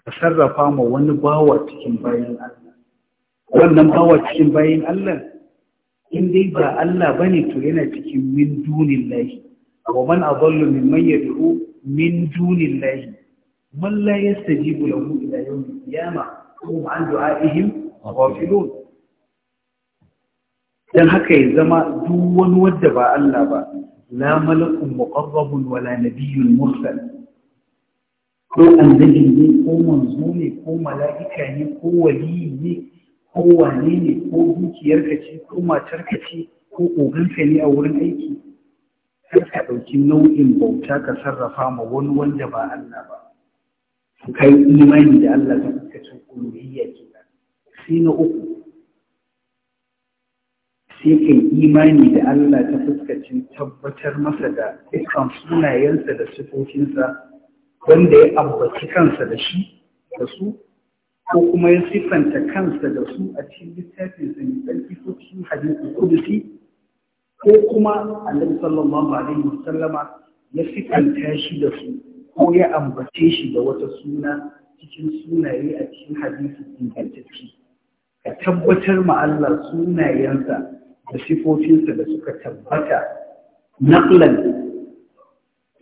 ka sarrafa ma wani bawa cikin bayan Allah wannan bawa cikin bayan Allah in dai ba Allah bane to yana cikin min dunillahi wa man adallu mimman yad'u min dunillahi man la yastajibu lahu ila yawm al-qiyamah hum an du'aihim ghafilun dan haka ya zama duk wani wanda ba Allah ba la malakun muqarrabun wala nabiyyun mursal ko annabi ne ko manzo ne ko mala'ika ne ko waliyi ne ko wane ne ko dukiyarka ce ko matarka ce ko oganka ne a wurin aiki kar ka ɗauki nau'in bauta ka sarrafa ma wani wanda ba Allah ba to kai imani da Allah ta ce uluhiyya ke sai na uku sai kai imani da Allah ta fuskacin tabbatar masa da dukkan sunayensa da sifofinsa wanda ya ambaci kansa da shi da su ko kuma ya siffanta kansa da su a cikin littafin sa mai tsarki ko cikin hadisi kudusi ko kuma annabi sallallahu alaihi wasallama ya siffanta shi da su ko ya ambace shi da wata suna cikin sunaye a cikin hadisi ingantacce ka tabbatar ma Allah sunayensa da sifofinsa da suka tabbata naqlan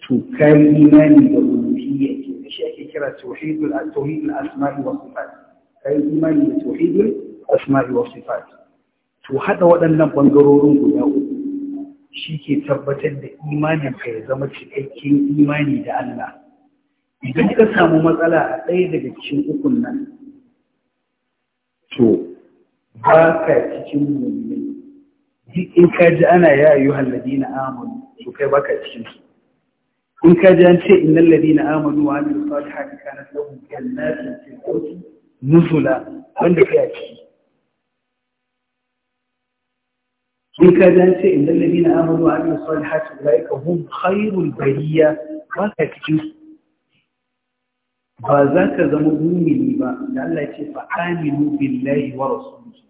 to kai imani da ke. shi ake kira tauhidul tauhidul asma'i wa sifat kai imani da tauhidul asma'i wa sifat to hada waɗannan bangarorin guda uku shi ke tabbatar da imani ka ya zama cikakken imani da Allah idan ka samu matsala a ɗaya daga cikin ukun nan to ba ka cikin mummuni duk in ka ji ana ya yi halladi na amon to kai ba ka cikin su kun ka ji an ce innal na amanu wa amilu ta kanat lahum jannatun fil firdaus nuzula wanda kai a ciki kun ka ji an ce innal na amanu wa ta salihati ulaika hum khairul bariya ba ka cikin ba za ka zama mumini ba da Allah ce fa aminu billahi wa rasulihi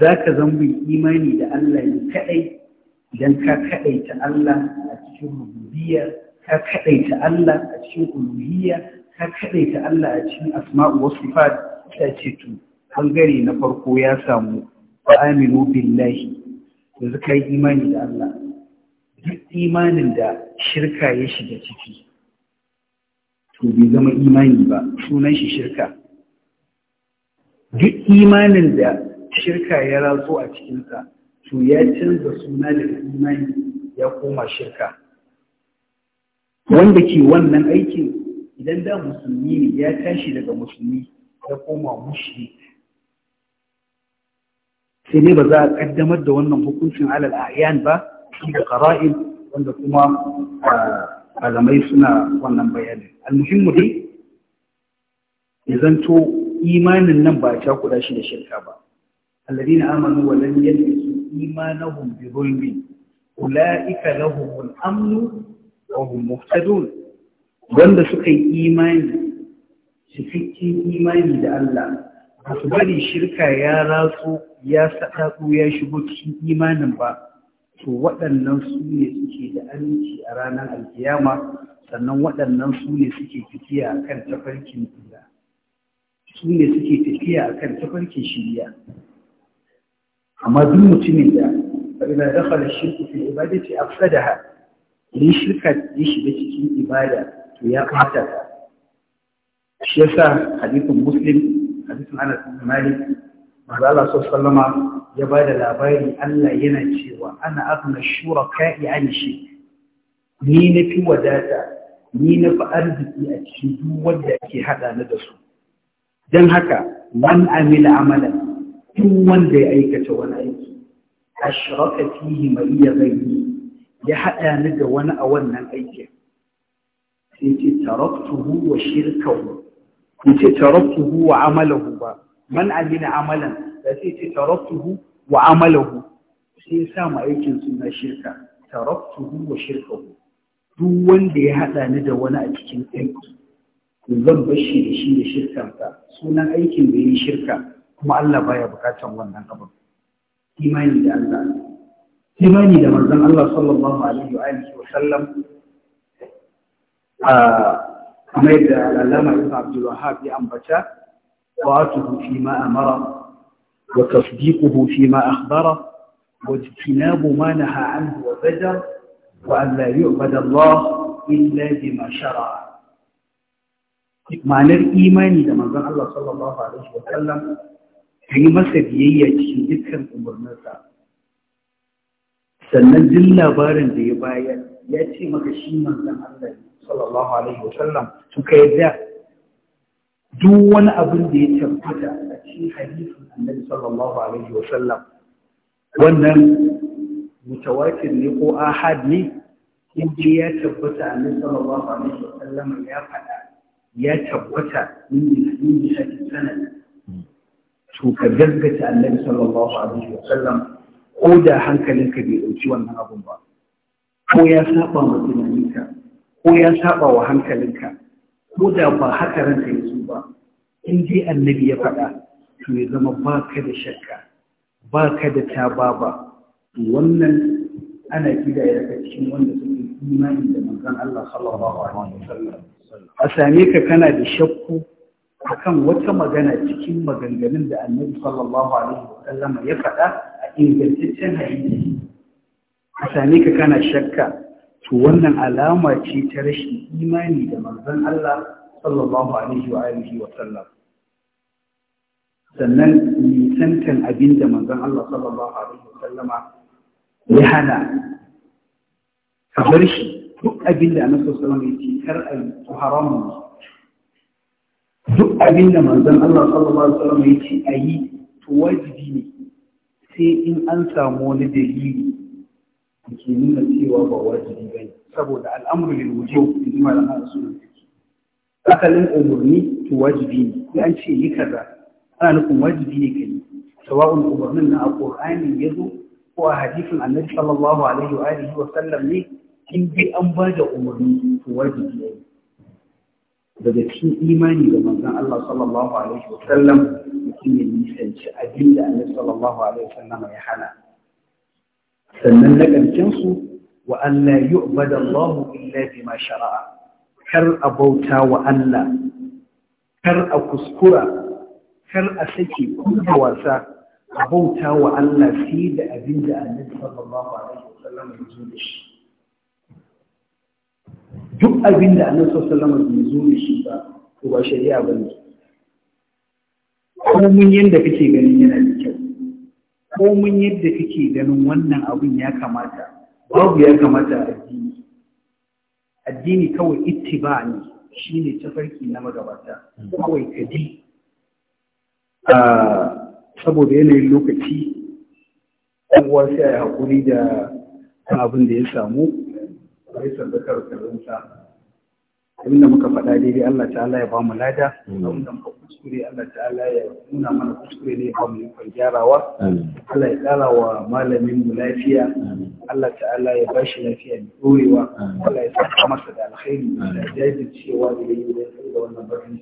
za ka zama mai imani da Allah ne kaɗai, idan ka kaɗaita Allah a cikin rububiyya ka kaɗaita Allah a cikin uluhiyya ka kaɗaita Allah a cikin asma'u wa sifat ta ce to hangare na farko ya samu aminu billahi yanzu ka yi imani da Allah duk imanin da shirka ya shiga ciki to bai zama imani ba sunan shi shirka duk imanin da shirka ya razo a cikinsa to ya canza suna daga imani ya koma shirka wanda ke wannan aikin idan da musulmi ne ya tashi daga musulmi ya koma mushrik sai ne ba za a kaddamar da wannan hukuncin alal ayan ba shi da qara'il wanda kuma malamai suna wannan bayanin almuhimmu dai ya zanto imanin nan ba a kuɗa shi da shirka ba alladina amanu wa lam yalbisu imanahum bi zulmin ulaika lahumul amnu wahum muftadun wanda suka yi imani cikakken imani da Allah ba su bari shirka ya raso ya ko ya shigo cikin imanin ba to waɗannan su ne suke da aminci a ranar alkiyama sannan waɗannan su ne suke tafiya a kan tafarkin tula su ne suke tafiya a kan tafarkin shirya amma duk mutumin da فإذا دخل الشرك في العبادة أفسدها in shirka ya shiga cikin ibada to ya kamata shi yasa hadithin muslim hadithin anas bin malik manzo Allah sallama ya ba da labari Allah yana cewa ana abna shuraka ya an shi ni na fi wadata ni na fi arziki a cikin duk wanda ake hada ni da su dan haka man amila amala duk wanda ya aikata wani aiki ashraka fihi ma iya ya haɗa ni da wani a wannan aikin sai ce taraktuhu wa shirkahu in ce taraktuhu wa amalahu ba man amina amalan da sai ce taraktuhu wa amalahu sai ya samu aikin suna shirka taraktuhu wa shirkahu duk wanda ya haɗa ni da wani a cikin aiki zan bashi shi da shi da shirkansa sunan aikin da ya yi shirka kuma Allah baya bukatan wannan abin imani da Allah imani da manzon Allah sallallahu alaihi wa alihi wa sallam a kamar da alama ibn Abdul Wahhab ya ambata wa'atuhu fi ma amara wa tasdiquhu fi ma akhbara wa ijtinabu ma naha anhu wa bada wa an la yu'bada Allah illa bima shara'a ma'anar imani da manzon Allah sallallahu alaihi wa sallam yi masa biyayya cikin dukkan umarninsa sannan duk labarin da ya bayar ya ce maka shi manzon Allah sallallahu alaihi wa sallam suka yadda duk wani abin da ya tabbata a cikin hadisin Annabi sallallahu alaihi wa sallam wannan mutawatir ne ko ahad ne inda ya tabbata Annabi sallallahu alaihi wa sallam ya faɗa ya tabbata min hadisi sanad to ka gaggata Annabi sallallahu alaihi wa sallam ko da hankalinka bai ɗauki wannan abun ba ko ya saba ma tunaninka ko ya saba wa hankalinka ko da ba haka ranka ya zo ba in dai annabi ya faɗa to ya zama ba ka da shakka ba ka da ba wannan ana kidaya ka cikin wanda suke imani da manzon Allah sallallahu alaihi wasallam a same ka kana da shakku akan wata magana cikin maganganun da annabi sallallahu alaihi wa sallama ya faɗa a ingantaccen hadisi a same ka kana shakka to wannan alama ce ta rashin imani da manzon Allah sallallahu alaihi wa alihi wa sallam sannan nisantan abin da manzon Allah sallallahu alaihi wa sallama ya hana ka bar shi duk abin da annabi sallallahu alaihi wa sallam ya ce kar a haramun duk abin da manzon Allah sallallahu alaihi wasallam a yi to wajibi ne sai in an samu wani dalili da ke nuna cewa ba wajibi ba ne saboda al'amuru lil wujub in sunan fiqh akalin umarni to wajibi ne sai an ce yi kaza ana nufin wajibi ne kai sawa'un umarnin na ya zo ko a hadisin annabi sallallahu alaihi wa sallam ne in bi an ba da umarni to wajibi ne daga cikin imani ga manzon Allah sallallahu alaihi wa sallam mutum ya nisanci abin da Annabi sallallahu alaihi wa sallam ya hana sannan na ƙarshen su wa an la yu'bada illa bima shara'a kar a bauta wa Allah kar a kuskura kar a saki kuma wasa a bauta wa Allah sai da abin da Annabi sallallahu alaihi wa sallam ya zo da shi duk abin da annabi sallallahu alaihi bai zo da shi ba to ba shari'a ba ne ko mun yadda kake ganin yana da kyau ko mun yadda kake ganin wannan abin ya kamata babu ya kamata a addini addini kawai ittiba ne shine tafarki na magabata kawai kadi saboda yanayin lokaci ɗan uwa sai a yi haƙuri da abin da ya samu laisa zakar abin da muka faɗa daidai Allah ta'ala ya bamu lada abinda muka kuskure Allah ta'ala ya nuna mana kuskure ne ba mu ikon gyarawa Allah ya ƙara wa malamin mu lafiya Allah ta'ala ya bashi lafiya mai ɗorewa Allah ya saka masa da alkhairi da jajircewa da yayi da wannan bakin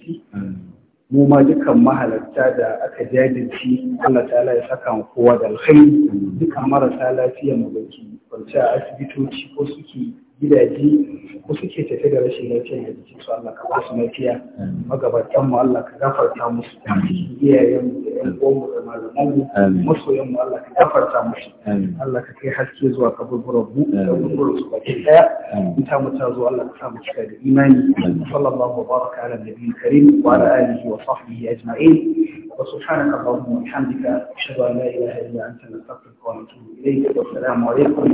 mu ma dukan mahalarta da aka jajirci Allah ta'ala ya saka mu kowa da alkhairi dukan marasa lafiya mu da ke kwanci a asibitoci ko suke gidaje ko suke tafe da rashin lafiya da jikin su Allah ka ba su lafiya magabatan mu Allah ka gafarta musu iyayen mu da ƴan uwan mu da malaman mu masoyan mu Allah ka gafarta musu Allah ka kai haske zuwa kaburburan mu da kaburburan su baki daya in ta mutu zuwa Allah ka sa mu cika da imani sallallahu wa baraka ala nabiyil karim wa ala alihi wa sahbihi ajma'in وسبحانك اللهم وبحمدك اشهد ان لا اله الا انت نستغفرك ونتوب اليك والسلام عليكم